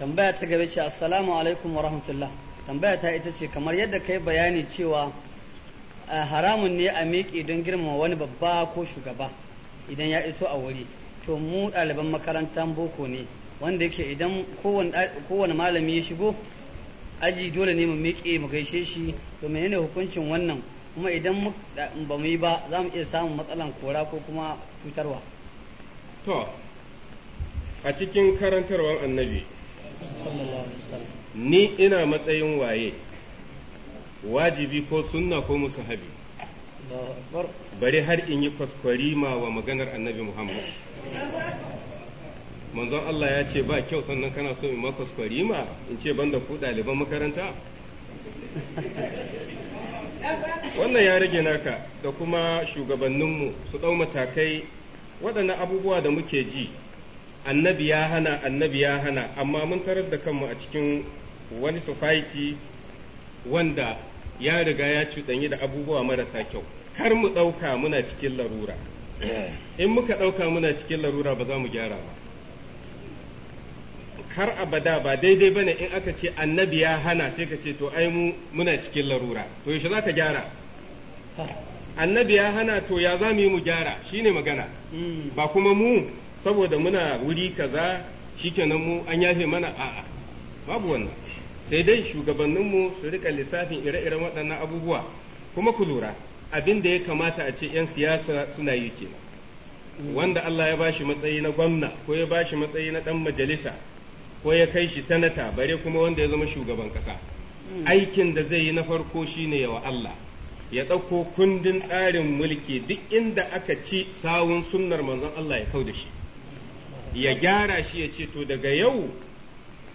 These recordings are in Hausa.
tambaya ta gaba ce assalamu alaikum wa rahmatullah tambaya ta ita ce kamar yadda kai bayani cewa haramun ne a miƙe don girmama wani babba ko shugaba idan ya iso a wuri to mu ɗaliban makarantar boko ne wanda yake idan kowane malami ya shigo aji dole ne mu miƙe mu gaishe shi to menene hukuncin wannan kuma idan ba mu yi ba za mu iya samun matsalan kora ko kuma cutarwa to a cikin karantarwar annabi ni ina matsayin waye wajibi ko sunna ko musahabi bari har in yi kwaskwarima wa maganar annabi Muhammad manzon Allah ya ce ba kyau sannan kana so in ma kwaskwarima in ce banda ku ɗaliban makaranta wannan ya rage naka da kuma shugabanninmu su ɗau matakai waɗannan abubuwa da muke ji annabi ya hana annabi ya hana amma mun tarar da kanmu a cikin wani society wanda ya riga ya cuɗanyi da abubuwa marasa kyau kar mu ɗauka muna cikin larura eh. in muka ɗauka muna cikin larura ba za mu gyara ba har abada ba daidai bane in aka ce annabi ya hana sai ka ce to ai mu muna cikin larura to yaushe za ka gyara annabi ya hana to ya za mu yi mu gyara shine magana hmm. ba kuma mu saboda muna wuri kaza shikenan mu an yafe mana a'a babu wannan sai dai shugabanninmu su rika lissafin ire-iren waɗannan abubuwa kuma ku lura abin da ya kamata a ce 'yan siyasa suna yi ke wanda Allah ya bashi matsayi na gwamna ko ya bashi matsayi na ɗan majalisa ko ya kai shi sanata bare kuma wanda ya zama shugaban ƙasa mm. aikin da zai yi na farko shine yawa Allah ya ɗauko kundin tsarin mulki duk inda aka ci sawun sunnar manzon Allah ya kau da shi ya gyara shi ya ce to daga yau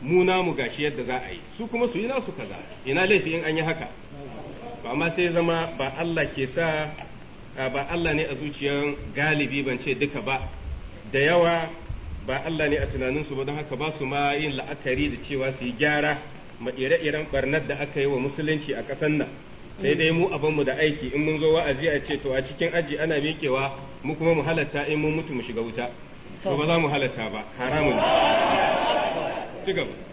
mu namu gashi yadda za a yi su kuma su yi nasu kaza ina laifi in an yi haka ba amma sai zama ba Allah ke sa ba Allah ne a zuciyan galibi ban ce duka ba da yawa ba Allah ne a tunaninsu ba don haka ba su ma yin la'akari da cewa su yi gyara ma ire-iren barnar da aka yi wa musulunci a ƙasar nan sai dai mu abinmu da aiki in mun zo wa'azi a ce to a cikin aji ana miƙewa mu kuma mu halatta in mun mutu mu shiga wuta to ba za mu halatta ba haramun ci gaba